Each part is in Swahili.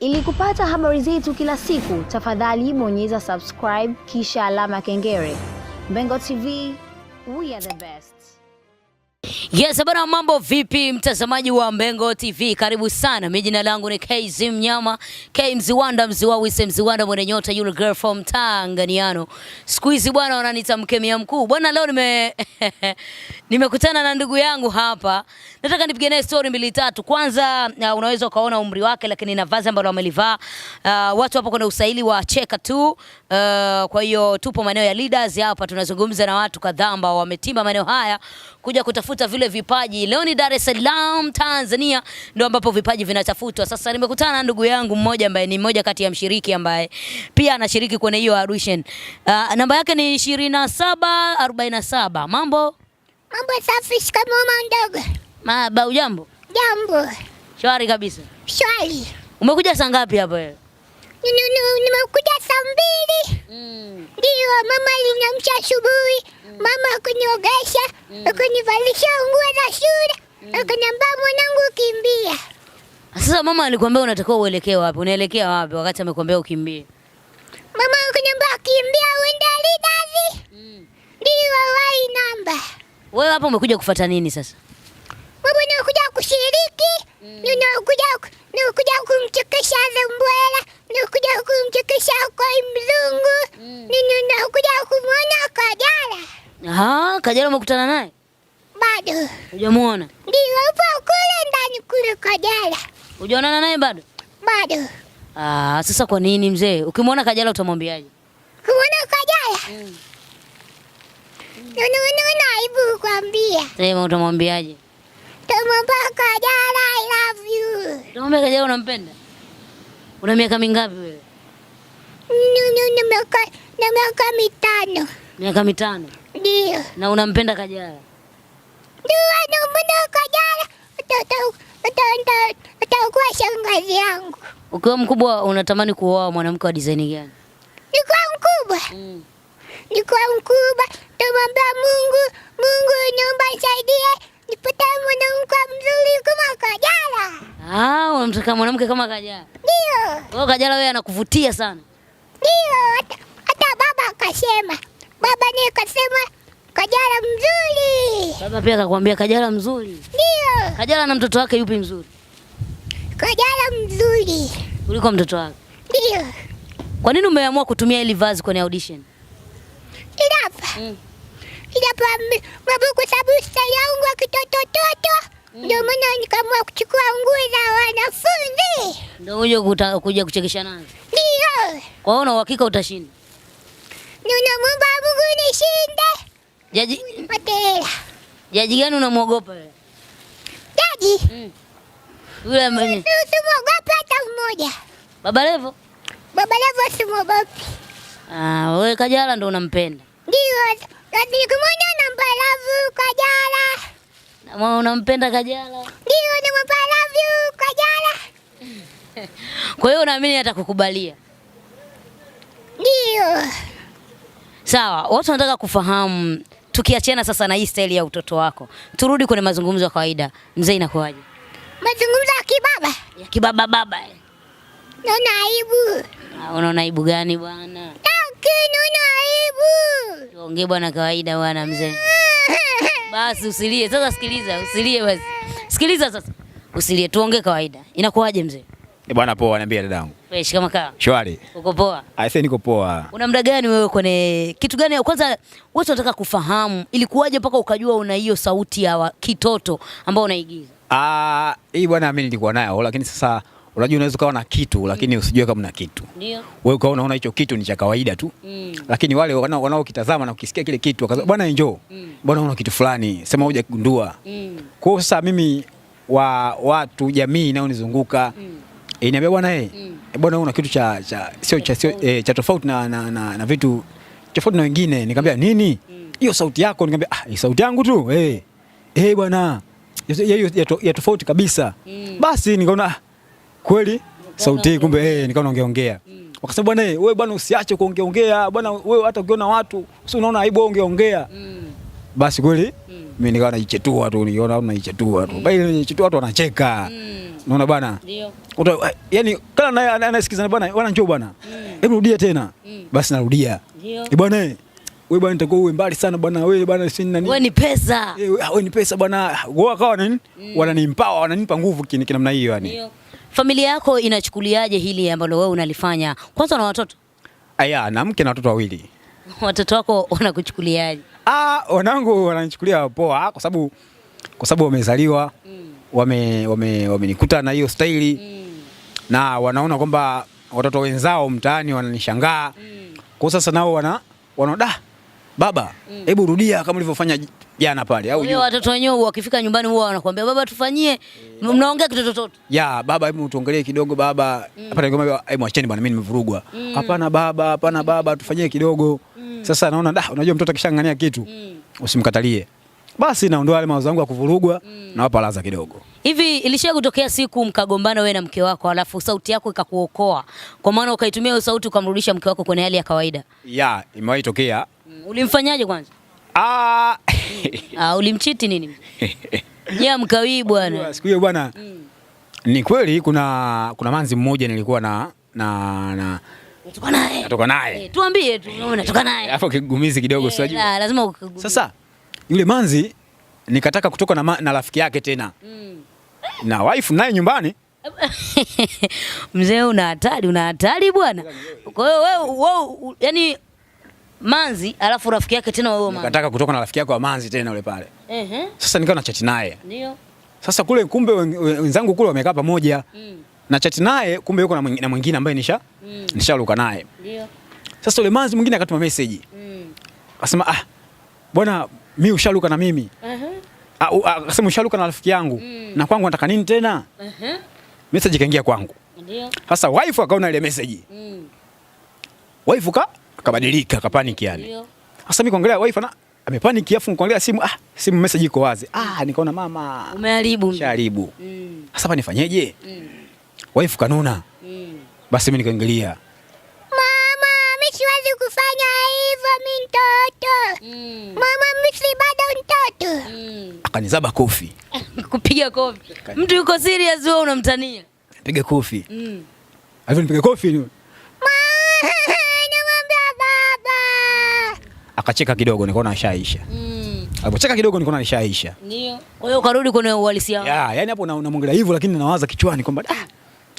Ili kupata habari zetu kila siku, tafadhali bonyeza subscribe kisha alama kengele. Mbengo TV, we are the best. Yes, bana mambo vipi mtazamaji wa Mbengo TV? Karibu sana. Mimi jina langu ni KZ Mnyama, K Mziwanda Mziwa Wise Mziwanda mwenye nyota yule girl from Tanganiano. Siku hizi bwana wananiita mkemia mkuu. Bwana leo nime nimekutana na ndugu yangu hapa. Nataka nipige naye story mbili tatu. Kwanza uh, unaweza ukaona umri wake lakini na vazi ambalo amelivaa. Uh, watu hapo kuna usaili wa cheka tu. Uh, kwa hiyo tupo maeneo ya leaders hapa tunazungumza na watu kadhaa ambao wametimba maeneo haya kuja kutafuta vile vipaji. Leo ni Dar es Salaam, Tanzania ndio ambapo vipaji vinatafutwa. Sasa nimekutana na ndugu yangu mmoja ambaye ni mmoja kati ya mshiriki ambaye pia anashiriki kwenye hiyo audition. Uh, namba yake ni 2747. Mambo? Mambo safi, kama mama ndogo. Ma ba ujambo? Jambo. Shwari kabisa. Shwari. Umekuja saa ngapi hapa wewe? nimekuja saa mbili mm. ndio mm. Mama aliniamsha asubuhi mm. Mama akuniogesha mm. akunivalisha nguo za shule mm. akuniambia mwanangu, kimbia. Sasa mama alikwambia unatakiwa uelekee wapi? Unaelekea wapi wakati amekwambia ukimbie? Mama akuniambia kimbia uende Leaders. Mm. Ndio mm. wai namba. Wewe hapa umekuja kufata nini sasa? ninakuja ninakuja kumchekesha Zambwela, ninakuja kumchekesha kwa Mzungu, ninakuja kumwona Kajala. Aha, Kajala umekutana naye? Bado hujamuona? Ndio, upo kule ndani kule Kajala. Hujaonana naye bado? Bado. Ah, sasa kwa nini mzee? Ukimwona Kajala utamwambiaje? Kumwona Kajala? Mm. Unaona aibu kuambia. Sema utamwambiaje? Sema mpaka jana I love you. Naomba kijana unampenda? Una miaka mingapi wewe? Nina miaka na miaka mitano. Miaka mitano? Ndio. Na unampenda Kajala? Ndio, nampenda Kajala. Atakuwa shangazi yangu. Ukiwa mkubwa unatamani kuoa mwanamke wa design gani? Nikiwa mkubwa. Mm. Nikiwa mkubwa, tumwambia Mungu, Mungu, naomba nisaidie. Nipata mwanamke mzuri kama Kajala. Ah, unamtaka mwanamke kama Kajala? Ndio. Kwa oh, Kajala wewe anakuvutia sana? Ndio. Hata baba akasema. Baba ni kasema Kajala mzuri. Baba pia akakwambia Kajala mzuri? Ndio. Kajala na mtoto wake yupi mzuri? Kajala mzuri. Kuliko mtoto wake? Ndio. Kwa nini umeamua kutumia hili vazi kwenye audition? Ila hapa. Mm kwa sababu stari yangu ya kitotototo ndio maana nikamua kuchukua nguo za wanafunzi ndio huyo kuja kuchekesha nazo. Ndio. Kwa hiyo una uhakika utashinda? Ninamwomba Mungu nishinde. Jaji Patela. Jaji gani unamwogopa wewe? Jaji. Yule ambaye usimwogope hata mmoja. Baba Levo? Baba Levo simwogopi. Ah, wewe Kajala ndo unampenda? Ndio. Mpalavu Kajala. Kama unampenda Kajala? Ndio, Kajala. Kwa hiyo unaamini atakukubalia? Ndio. Sawa, watu wanataka kufahamu, tukiachana sasa na hii staili ya utoto wako, turudi kwenye mazungumzo ya kawaida. Mzee, inakuwaje? Mazungumzo ya kibaba? Ya kibaba baba. Eh. Naona aibu. Ah, unaona aibu gani bwana? aibu. Tuongee bwana, kawaida bwana mzee. Basi usilie sasa, sikiliza, usilie basi, sikiliza sasa, usilie, tuongee kawaida. Inakuwaje mzee? Eh bwana, poa. Niambia dadangu. Fresh kama kawa. Shwari. Uko poa? Ah, sasa niko poa. Una muda gani wewe kwenye kitu gani? Kwanza watu wanataka kufahamu ilikuwaje mpaka ukajua una hiyo sauti ya kitoto ambayo unaigiza? Ah, hii bwana mimi nilikuwa nayo lakini sasa Unajua, unaweza ukawa na kitu lakini mm. usijue kama una kitu Ndio. Wewe ukawa unaona hicho kitu ni cha kawaida tu mm. lakini wale wanaokitazama na kukisikia kile kitu wakasema bwana njoo mm. bwana una kitu fulani sema uje kugundua mm. kwa hiyo sasa mimi wa watu jamii nao nizunguka. mm. inaniambia bwana eh mm. bwana una kitu cha cha sio cha sio eh, cha tofauti na, na, na, na vitu tofauti na wengine. Nikamwambia nini hiyo mm. sauti yako? Nikamwambia ah, sauti yangu tu eh eh bwana ya, ya, ya, ya tofauti kabisa mm. basi nikaona kweli sauti kumbe, eh, nikawa mm. Wakasema bwana, eh, wewe bwana usiache kuongeongea bwana, wewe hata ukiona watu sio unaona aibu mm. Basi kweli mimi mm. nikawa najichetua tu, niona au najichetua tu, mm. bali najichetua watu wanacheka, mm. unaona bwana, ndio, eh, yani kana naye anasikiza bwana, bwana njoo bwana, mm. hebu rudia tena. mm. Basi narudia ndio eh, bwana, eh wewe bwana nitakuwa uwe mbali sana bwana, wewe bwana si nani, wewe ni pesa, eh, ah, wewe ni pesa bwana. Wao akawa nini, mm. wananimpa wananipa nguvu kinamna hiyo yani Ndio. Familia yako inachukuliaje hili ambalo wewe unalifanya? Kwanza na watoto aya, na mke na watoto wawili. watoto wako wanakuchukuliaje? Ah, wanangu wananichukulia poa, kwa sababu kwa sababu wamezaliwa mm. wamenikuta wame na hiyo staili mm. na wanaona kwamba watoto wenzao mtaani wananishangaa mm. kwa sasa nao wana wanaoda baba, mm. hebu mm. rudia kama ulivyofanya jana pale au yule Watoto wenyewe wakifika nyumbani huwa wanakuambia baba, tufanyie mnaongea kitototo. Ya baba, hebu tuongelee kidogo baba. Mm. Hapana, nikamwambia hebu acheni bwana, mimi nimevurugwa. Mm. Hapana mm. baba, hapana baba, tufanyie kidogo. mm. Sasa naona da, unajua mtoto akishangania kitu mm. usimkatalie. Basi naondoa yale mawazo yangu ya kuvurugwa mm. na wapa laza kidogo. Hivi ilishia kutokea siku mkagombana wewe na mke wako alafu sauti yako ikakuokoa kwa maana ukaitumia hiyo sauti ukamrudisha mke wako kwenye hali ya kawaida? Ya, imewahi tokea. mm. Ulimfanyaje kwanza? Ah. Ah, ulimchiti nini? Ya mkawi bwana. Siku hiyo bwana. Mm. Ni kweli kuna kuna manzi mmoja nilikuwa na na na natoka naye. Natoka naye. Eh, tuambie tu unaona natoka naye. Alafu kigumizi kidogo eh, sio juu. Lazima ukigumizi. Sasa yule manzi nikataka kutoka na, na rafiki yake tena. Mm. Na wife naye nyumbani. Mzee una hatari, una hatari bwana. Kwa hiyo wewe wewe yani manzi alafu rafiki yake tena wao manzi. Nikataka kutoka na rafiki yako wa manzi tena yule pale. Ehe. Uh -huh. Sasa nikawa na chat naye. Ndio. Sasa kule kumbe wenzangu kule wamekaa pamoja. Mm. Na chat naye kumbe yuko na mwingine ambaye nisha mm. nisharuka naye. Ndio. Sasa yule manzi mwingine akatuma message. Mm. Akasema ah, bwana mimi ushaluka na mimi. Ehe. Uh -huh. Akasema ushaluka na rafiki yangu. Mm. Na kwangu nataka nini tena? Ehe. Uh -huh. Message kaingia kwangu. Ndio. Sasa wife akaona ile message. Mm. Wife ka akabadilika akapaniki yani. Sasa mimi kuangalia wifi na amepaniki afu kuangalia simu ah, simu message iko wazi. Ah, nikaona mama. Umeharibu. Sharibu. Mm. Sasa hapa nifanyeje? Mm. Wifi kanuna. Mm. Basi mimi nikaangalia. Mama, mimi siwezi kufanya hivyo mimi mtoto. Mm. Mama, mimi si bado mtoto. Mm. Akanizaba kofi. Kupiga kofi. Mtu yuko serious wewe unamtania. Piga kofi. Mm. Alivyo nipiga kofi ni akacheka kidogo, nikaona ashaisha. Mm. Alipocheka kidogo, nikaona ashaisha. Ndio. Kwa hiyo ukarudi kwenye uhalisia. ya Yeah, yani hapo unamwangalia hivyo, lakini nawaza kichwani kwamba ah,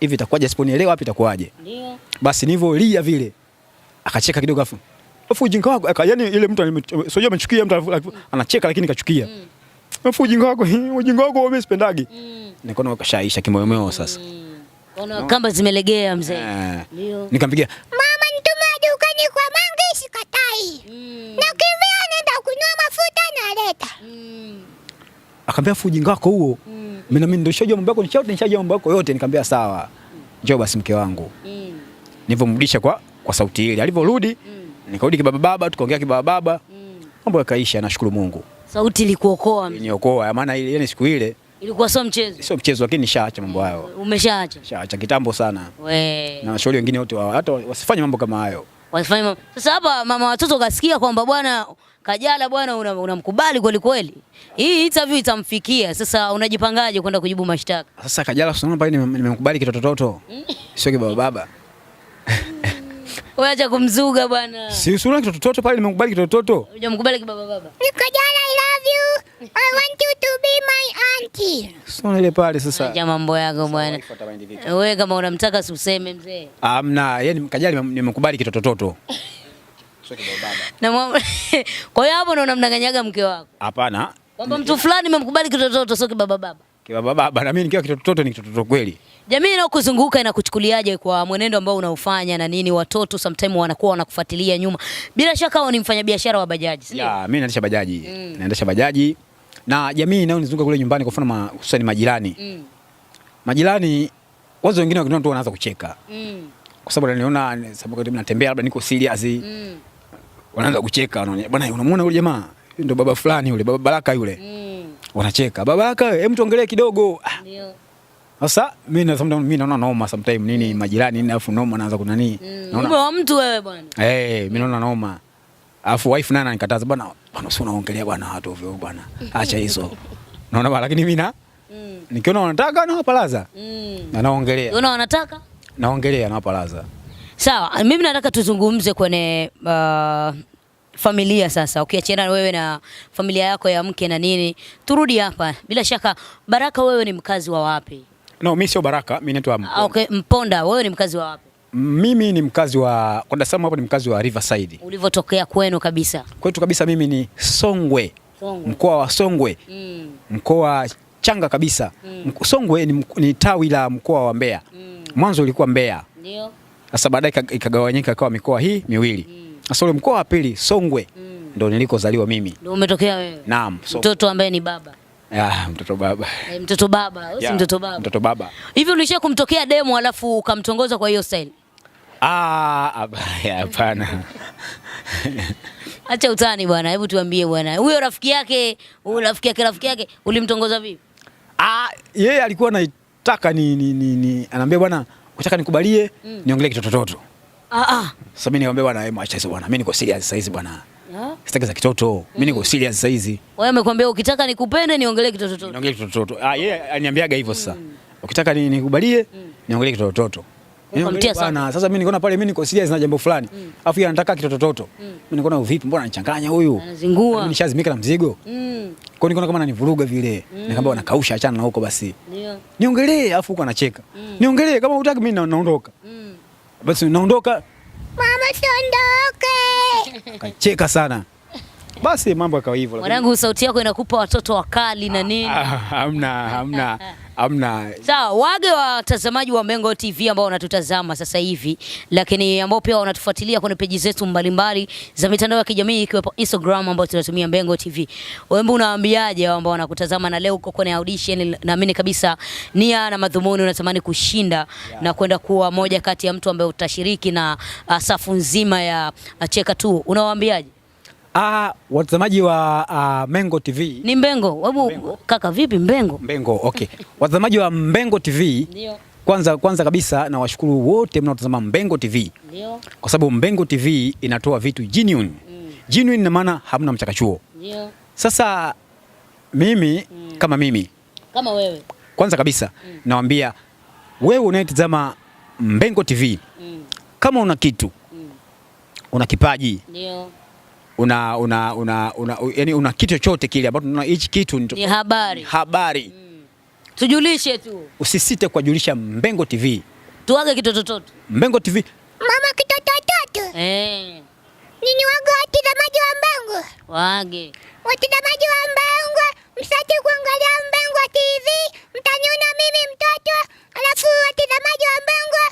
hivi itakuwaje Siponielewa wapi itakuwaje? Ndio. Basi nivyo lia vile. Akacheka kidogo afu. Afu ujinga wako, yani ile mtu sio amechukia mtu anacheka lakini kachukia. Mm. Afu ujinga wako, ujinga wako mimi sipendagi. Mm. Nikaona kashaisha kimoyomoyo sasa. Mm. Kona, no. Kamba zimelegea mzee. Eh. Ndio. Nikampigia Akamwambia afu ujinga wako huo. Mm. Mimi na mimi ndio shajua mambo yako, nishajua mambo yako yote. Nikamwambia sawa. Mm. Njoo basi mke wangu. mm. Nilivyomrudisha kwa kwa sauti ile. Alivyorudi mm. nikarudi baba tukaongea baba Mambo mm. yakaisha, nashukuru Mungu. Sauti ilikuokoa. Iliniokoa, maana ile ile siku ile ilikuwa sio mchezo. Sio mchezo lakini nishaacha mambo hayo. Umeshaacha? Shaacha kitambo sana. We. Na washauri wengine wote hata wasifanye mambo kama hayo wasifanye. Sasa hapa mama watoto kasikia kwamba bwana Kajala bwana unamkubali una kweli kweli, hii interview itamfikia. Sasa unajipangaje kwenda kujibu mashtaka? Sasa Kajala nimemkubali kitotototo, hmm? sio kibaba baba Wewe acha kumzuga bwana. Si kitoto toto pale nimekubali kitoto toto. Hujamkubali kibaba baba. Niko jana I love you. I want you to be my auntie. Sio ile pale sasa. Acha mambo yako bwana. Wewe kama unamtaka si useme mzee. Amna, yani kajali nimekubali kitoto toto. Sio kibaba baba. Kwa hiyo hapo ndo unamdanganyaga mke wako. Hapana. Kwamba mtu fulani kitoto toto sio kibaba baba baba baba, na mimi nikiwa kitoto toto ni kitoto kweli. Jamii inayokuzunguka inakuchukuliaje kwa mwenendo ambao unaufanya na nini? Watoto sometimes wanakuwa wanakufuatilia nyuma. Bila shaka wao ni mfanyabiashara wa bajaji, si? Yeah, mimi naendesha bajaji. Mm. Naendesha bajaji na jamii inayonizunguka kule nyumbani kwa mfano hususan majirani. Mm. Majirani wazo wengine wakiona tu wanaanza kucheka. Mm. Kwa sababu ananiona sababu natembea labda niko serious. Mm. Wanaanza kucheka wanaona, bwana, unamuona yule jamaa? Ndio baba fulani yule, baba Baraka yule. Mm wanacheka baba babaka, hebu tuongelee kidogo. Ndio sasa mimi naona noma sometimes, nini mm. majirani nini, afu noma naanza kunani nini, mm. naona mtu wewe bwana eh, eh mimi naona noma, afu wife nana nikataza bwana, bwana sio unaongelea bwana watu ovyo bwana, acha hizo naona bwana, lakini mimi na mm. nikiona wanataka na wapalaza mm. na naongelea, unaona wanataka naongelea na wapalaza. Sawa, mimi nataka tuzungumze kwenye uh, familia sasa, ukiachana okay, wewe na familia yako ya mke na nini, turudi hapa. Bila shaka Baraka, wewe ni mkazi wa wapi? No, mimi sio Baraka, mi naitwa Mponda. Ah, okay, Mponda, wewe ni mkazi wa wapi? Mimi ni mkazi wa kwa Dar es Salaam ni mkazi wa Riverside. Ulivyotokea kwenu kabisa? Kwetu kabisa, mimi ni Songwe, Songwe. Mkoa wa Songwe mm. Mkoa changa kabisa mm. Songwe ni, ni tawi la mkoa wa Mbeya mm. Mwanzo ulikuwa Mbeya ndio, sasa baadaye ikagawanyika ikawa mikoa hii miwili mm sorry, mkoa wa pili Songwe mm. ndo nilikozaliwa mimi. Ndio umetokea wewe? Naam. So, mtoto ambaye ni baba ya, mtoto baba. E, mtoto baba, Yeah. mtoto baba. Mtoto baba. Hivi ulishia kumtokea demo alafu ukamtongoza kwa hiyo style? Ah, hapana. Acha utani bwana, hebu tuambie bwana. Huyo rafiki yake, huyo rafiki yake, rafiki yake ulimtongoza vipi? Ah, yeye alikuwa anataka ni, ni, ni, ni. Anaambia bwana, unataka nikubalie mm. niongelee kitototo. Ah ah. Sasa mimi niombe bwana, wewe acha hizo bwana, mimi niko serious sasa hizi bwana. Sitaki za kitoto. Mimi niko eh. serious sasa hizi. Wewe umekwambia ukitaka nikupende niongelee kitoto. toto. Niongelee kitoto. toto. Ah, yeye yeah, mm. aniambiaga hivyo sasa. Mm. Ukitaka ni nikubalie mm. niongelee kitoto. toto. Bwana, sasa mimi nikaona pale mimi niko serious na jambo fulani. Mm. Alafu yeye anataka kitoto. toto. Mm. Mimi mm. nikaona vipi, mbona anachanganya huyu? Anazingua. Mimi nishazimika na mzigo. Mm. Kwa hiyo kama ananivuruga vile. Mm. Nikamwambia anakausha, achana na huko basi. Ndio. Niongelee, afu huko anacheka. Mm. Niongelee kama hutaki mimi naondoka. Mm. Basi unaondoka mama, tuondoke. Kacheka sana. Basi mambo yakawa hivyo. Mwanangu, sauti yako inakupa watoto wakali na nini? Ah, hamna, hamna. hamna. Sawa, wage watazamaji wa Mengo TV ambao wanatutazama sasa hivi, lakini ambao pia wanatufuatilia kwenye peji zetu mbalimbali za mitandao ya kijamii ikiwepo Instagram ambayo tunatumia Mengo TV. Wewe unawaambiaje hao ambao wanakutazama na leo uko kwenye audition, naamini kabisa nia na madhumuni unatamani kushinda yeah, na kwenda kuwa moja kati ya mtu ambaye utashiriki na ah, safu nzima ya ah, Cheka tu. Unawaambiaje? Ah, watazamaji wa uh, ah, Mbengo TV. Ni Mbengo. Hebu kaka vipi Mbengo? Mbengo, okay. Watazamaji wa Mbengo TV. Ndio. Kwanza kwanza kabisa na washukuru wote mnaotazama Mbengo TV. Ndio. Kwa sababu Mbengo TV inatoa vitu genuine. Mm. Genuine na maana hamna mchakachuo. Ndio. Sasa mimi mm. kama mimi kama wewe. Kwanza kabisa mm. nawaambia wewe unayetazama Mbengo TV mm. kama una kitu mm. una kipaji. Ndio una, una, una, una, yani una kitu chochote kile ambacho tunaona hichi kitu ni habari, mm, habari. Mm. Tujulishe tu, usisite kuwajulisha Mbengo TV. Tuage kitotototo Mbengo TV, mama kitotototo eh. Nini waga watazamaji wa Mbengo, waage watazamaji wa Mbengo, msati kuangalia Mbengo TV, mtaniona mimi mtoto, alafu watazamaji wa Mbengo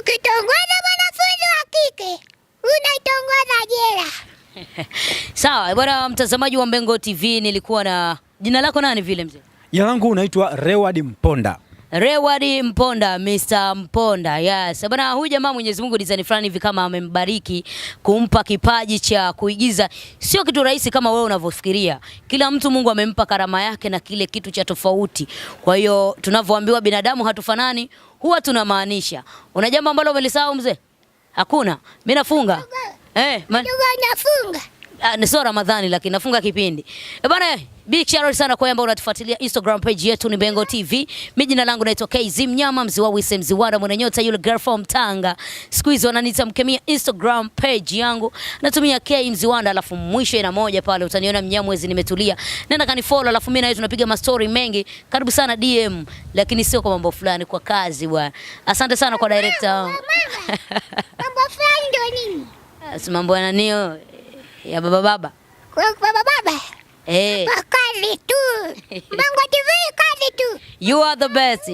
Ukitongoza mwanafunzi wa kike unaitongoza jela. Sawa bwana mtazamaji wa Mbengo TV, nilikuwa na jina lako nani vile mzee? Jina langu unaitwa Reward Mponda. Reward Mponda, Mr. Mponda. Yes. Bwana huyu jamaa Mwenyezi Mungu design fulani hivi kama amembariki kumpa kipaji cha kuigiza. Sio kitu rahisi kama wewe unavyofikiria. Kila mtu Mungu amempa karama yake na kile kitu cha tofauti. Kwa hiyo tunavyoambiwa binadamu hatufanani, huwa tunamaanisha. Una jambo ambalo umelisahau mzee? Hakuna. Mimi nafunga. Eh, nafunga. Ah, ni sio Ramadhani lakini nafunga kipindi. E eh, bana, big shout out sana kwa ambao unatufuatilia Instagram page yetu ni Bengo TV. Mimi jina langu naitwa KZ Mnyama mziwa wise mziwada mwana nyota yule girl from Tanga. Siku hizo wananiita mkemia. Instagram page yangu natumia K mziwanda alafu mwisho ina moja pale utaniona Mnyamwezi nimetulia. Nenda kani follow alafu mimi na yeye tunapiga mastori mengi. Karibu sana DM lakini sio kwa mambo fulani kwa kazi bwana. Asante sana kwa director. Mambo fulani ndio nini? Mambo ya nani? ya baba baba baba baba eh, kali tu Bongo TV kali tu, you are the best